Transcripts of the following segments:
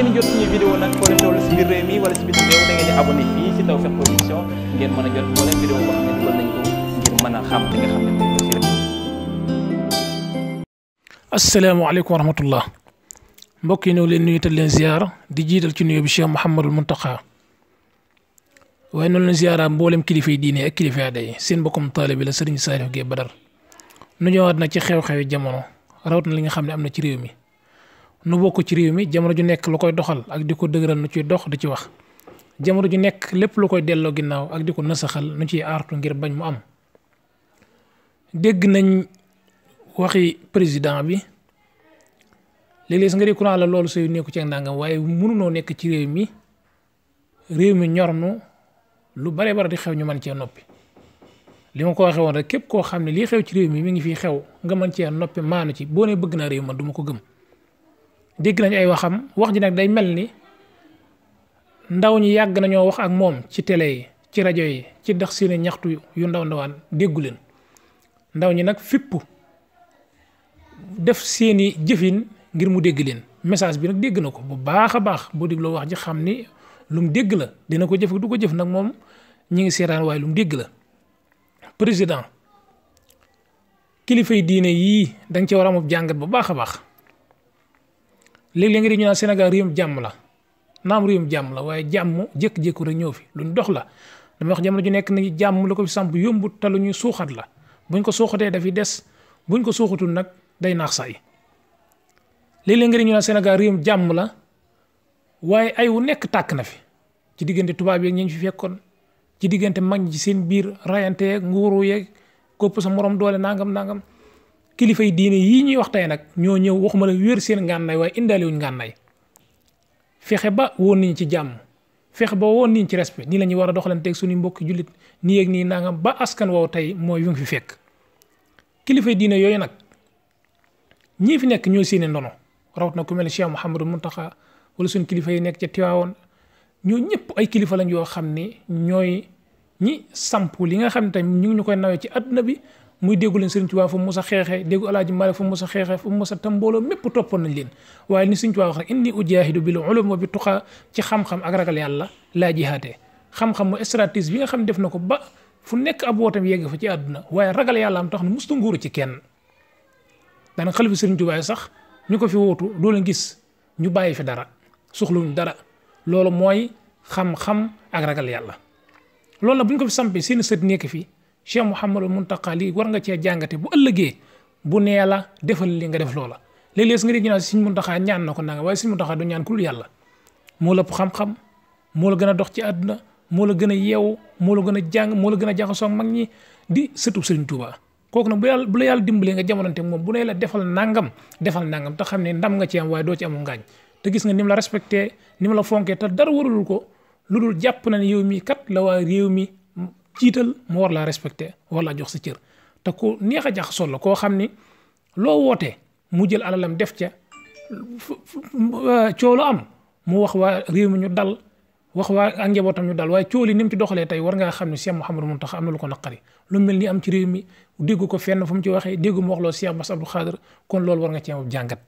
ngeen jot suñu vidéo nag leen toll leen vidéo boo yi ñëw leen nuyu leen di jiital ci nuyu bi Cheikh Mouhamadul Mountakha waaye noonu leen ziara mboolem kilifa yi diine ak kilifa aada yi seen mbokkum taalibe la Serigne Saliou Gueye Badar nu ñëwaat nag ci xew-xewi jamono rawat na li nga xam ne am na ci réew mi. nu bokk ci réew mi jamono ju nekk lu koy doxal ak di ko dëgëral nu ciy dox di ci wax jamono ju nekk lépp lu koy delloo ginnaaw ak di ko nasaxal nu ciy aartu ngir bañ mu am dégg nañ waxi président bi léeg-léeg nga di courant la loolu sooy nekku ci ndàngam waaye mënunoo nekk ci réew mi réew mi ñor nu lu bare bare di xew ñu mën cee noppi li ma ko waxee woon rek képp koo xam ne lii xew ci réew mi mi ngi fiy xew nga mën cee noppi maanu ci boo ne bëgg naa réew ma duma ko gëm dégg nañ ay waxam wax ji nag day mel ni ndaw ñi yàgg nañoo wax ak moom ci tele yi ci rajo yi ci dox seeni ñaxtu yu ndaw ndawaan déggu leen ndaw ñi nag fippu def seeni jëfin ngir mu dégg leen message bi nag dégg na ko bu baax a baax boo dégloo wax ji xam ni lum dégg la dina ko jëf du ko jëf nag moom ñi ngi seetaan waaye lu dégg la président kilifa yi diine yii danga ci war a jàngat bu baax a baax. léeg-léeg nga di ñu naan Sénégal réewum jàmm la naam réewum jàmm la waaye jàmm jékki-jékku rek ñëw fi luñ dox la dama wax jamono ju nekk ni jàmm ko fi samp yombut te lu ñuy suuxat la buñ ko suuxatee dafi des buñ ko suuxatul nag day naax saa yi léeg-léeg nga jàmm la waaye ay wu nekk tàkk na fi ci diggante tubaab yeeg ñu ñu fi fekkoon ci diggante mag ñi ci seen biir rayante yeeg nguuru yeeg kopp sa morom doole nangam nangam kilifa yi diine yii ñuy wax tey nag ñoo ñëw waxuma la wéer seen ngànnaay waaye indaale wuñ ngànnaay fexe ba woon niñ ci jàmm fexe ba woon niñ ci respect nii lañuy war a doxalanteeg suñu mbokki jullit nii yeeg nii nangam ba askan woow tey mooy yu ngi fi fekk kilifay diine yooyu nag ñii fi nekk ñoo seeni ndono rawat na ku mel Cheikh Mouhamadou Mountakha wala suñ kilifa yi nekk ca Tiwaawoon ñoo ñëpp ay kilifa lañ yoo xam ni ñooy ñi samp li nga xam ne tamit ñu ñu koy nawee ci adduna bi muy déggu leen Sëriñ Tuubaa fu mu mos a xeexee déggu Alaaji Maalik fu mu mos a xeexee fu mu mos a tam mbooloo mépp leen waaye ni Sëriñ Tuubaa wax rek inni ujaahidu bil ulum wa bi tuqaa ci xam-xam ak ragal yàlla laa jihaatee xam-xam mu bi nga xam def na ko ba fu nekk ab wootam yegg fa ci àdduna waaye ragal yàlla am tax na musta nguuru ci kenn daanaka xalifa Sëriñ Tuubaa sax ñu ko fi wootu doo leen gis ñu bàyyi fi dara soxluñu dara loolu mooy xam-xam ak ragal yàlla loolu nag bu ñu ko fi sampee seen sët nekk fii mu Cheikh mun tax lii war nga cee jàngate bu ëllëgee bu nee la defal li nga def loola léeg-léeg su nga dégg ñu naan Sëriñ Mountakha ñaan na ko nanga waaye Sëriñ Mountakha du ñaan ku dul yàlla moo la ëpp xam-xam moo la gën a dox ci àdduna moo la gën a yeewu moo la gën a jàng moo la gën a jaxasoo mag ñi di sëtu Sëriñ Tuubaa kooku nag bu yàlla bu yàlla dimbalee nga jamonante moom bu nee la defal nangam defal nangam te xam ne ndam nga ci am waaye doo ci amul ngaañ te gis nga ni la respecté ni mu la fonkee te dara warul ko lu dul jàpp na ne yow mi kat la waa réew mi jiital mu war laa respecté war jox sa cër te ku neex a jaxasoo la koo xam ni loo woote mu jël alalam def ca euh, coolu am mu wax waa réew mi ñu dal wax waa ak njabootam ñu dal waaye cooli ni mu ci doxalee tey war ngaa xam ne Cheikh Mouhamadou Mountakha am na lu ko naqari lu mel ni am ci réew mi dégg ko fenn fu mu ci waxee dégg mu wax loo Cheikh Bass Abdou Khadre kon loolu war nga cee jàngat.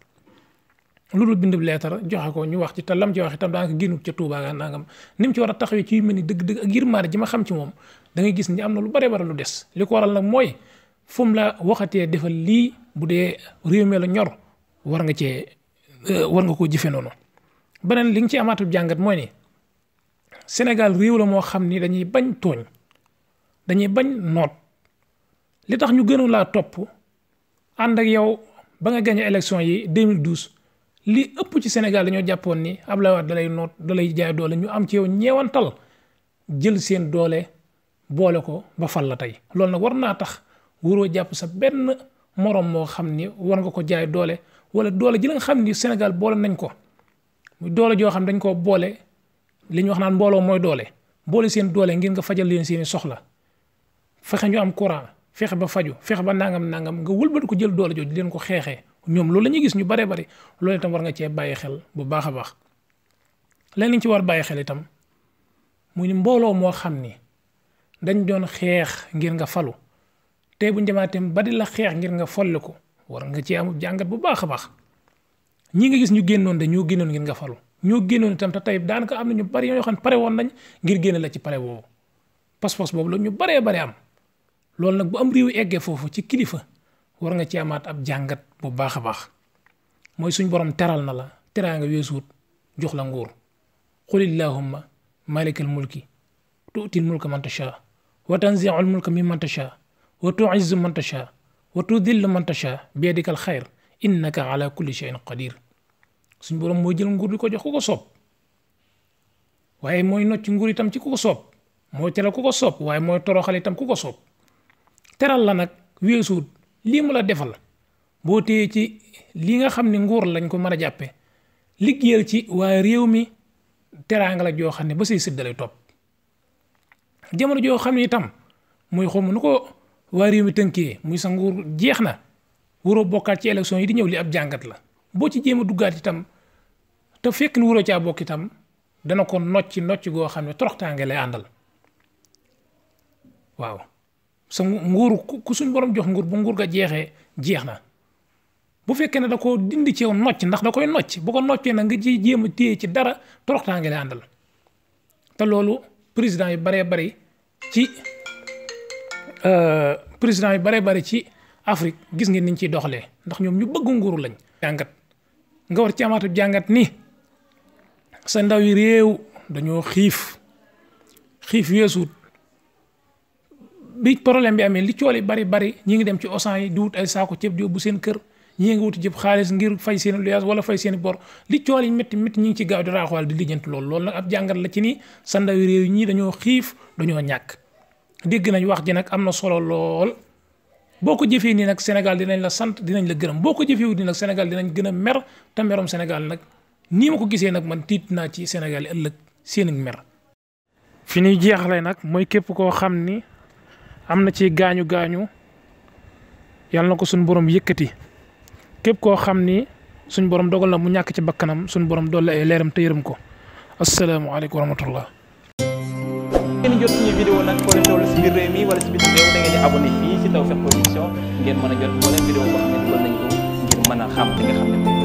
loolu bind leetar joxe ko ñu wax ci te lam ci wax itam daanaka génn ca Touba nangam ni mu war a taxawee ci yu mel ni dëgg-dëgg ak yërmaande ji ma xam ci moom dangay gis ni am na lu bare bare lu des li ko waral nag mooy fu mu la waxatee defal lii bu dee réew mi la ñor war nga cee euh, war nga koo jëfe noonu beneen li nga ci amaatub jàngat mooy ni Sénégal réew la moo xam ni dañuy bañ tooñ dañuy bañ noot li tax ñu gënu laa topp ànd ak yow ba nga gagné élection yi 2012 li ëpp ci senegal Sénégal ñoo jàppoon ni Abdoulaye Wade dalay noot dalay jaay doole ñu am ci yow ñeewantal jël seen doole. boole ko ba fal la tey lool na war naa tax waroo jàpp sa benn morom moo xam ni war nga ko jaay doole wala doole ji la nga xam ni Sénégal boole nañ ko mu doole joo xam dañ koo boole li ñu wax naan mbooloo mooy doole boole seen doole ngir nga fajal leen seeni soxla fexe ñu am courant fexe ba faju fexe ba nangam nangam nga wëlbati ko jël doole jooju leen ko xeexee ñoom loolu lañuy gis ñu bare bari loolu itam war nga cee bàyyi xel bu baax a baax leneen ci war bàyyi xel itam muy ni mbooloo moo xam ni dañ doon xeex ngir nga falu tey bu ñu demaatem ba di la xeex ngir nga folle ko war nga ci am jàngat bu baax a baax ñi nga gis ñu génnoon de ñoo génnoon ngir nga falu ñoo génnoon itam tey daanaka am na ñu bari yoo xam ne pare woon nañ ngir génne la ci pare boobu pas-pas boobu la ñu baree bare am loolu nag bu am réew eggee foofu ci kilifa war nga ci amaat ab jàngat bu baax a baax mooy suñ borom teral na la teraanga weesuut jox la nguur qul illahumma malikal mulki tuutil mulka man tasha wa tanziu al mulka mimman tasha wa tuizzu man tasha wa tudillu man tasha biyadikal xayr innaka ala kulli shay'in qadir suñ boroom mooy jël nguur di ko jox ku ko waaye mooy nocc nguur itam ci ku ko soob mooy teral ku ko soob waaye mooy toroxal itam ku ko soob teral la nag weesuut lii mu la defal boo téye ci li nga xam ne nguur lañ ko mën a jàppe liggéeyal ci waaye réew mi teraanga la joo xam ne ba say sëdd topp jamono joo xam ne itam muy ko ma nu ko waa réew mi tënkee muy sa nguur jeex na waroo bokkat ci élection yi di ñëw li ab jàngat la boo ci jéem a duggaat itam te fekk ni waroo caa bokk itam dana ko nocci nocc goo xam ne toroxtaange lay àndal waaw sa nguur ku suñ borom jox nguur bu nguur ga jeexee jeex na bu fekkee ne da ko dindi ceew nocc ndax da koy nocc bu ko noccee na nga ci jéem a téye ci dara toroxtaange lay àndal te loolu président yu baree bari ci euh, président yu baree bari ci Afrique gis ngeen niñ ciy doxalee ndax ñoom ñu bëgg nguuru lañ. jàngat nga war ci amaatu jàngat ni sa ndaw yi réew dañoo xiif xiif suut bi problème bi amee li cool yi bari bari ñi ngi dem ci Auchan yi di wut ay saako ceeb di yóbbu seen kër. ñii nga wuti jëb xaalis ngir fay seen luyaas wala fay seeni bor li cool yi métti métti ñi ngi ci gaaw di raaxuwaal di lijjanti lool loolu nag ab jàngat ci ni sa ndawi réew ñii dañoo xiif dañoo ñàkk dégg nañ wax ji nag am na solo lool boo ko jëfee nii nag senegal dinañ la sant dinañ la gërëm boo ko jëfeewut nii nag dinañ gën a mer te merom Sénégal nag nii ma ko gisee nag man tiit naa ci Sénégal ëllëg seen mer fi ñuy jeexalee nag mooy képp koo xam ni am na ci gaañu gaañu yàlla na ko suñu borom yëkkati képp koo xam ni suñ borom dogal na mu ñàkk ci bakkanam suñ borom dolli ay leeram te yërëm ko asalaamaaleykum wa rahmatullah. a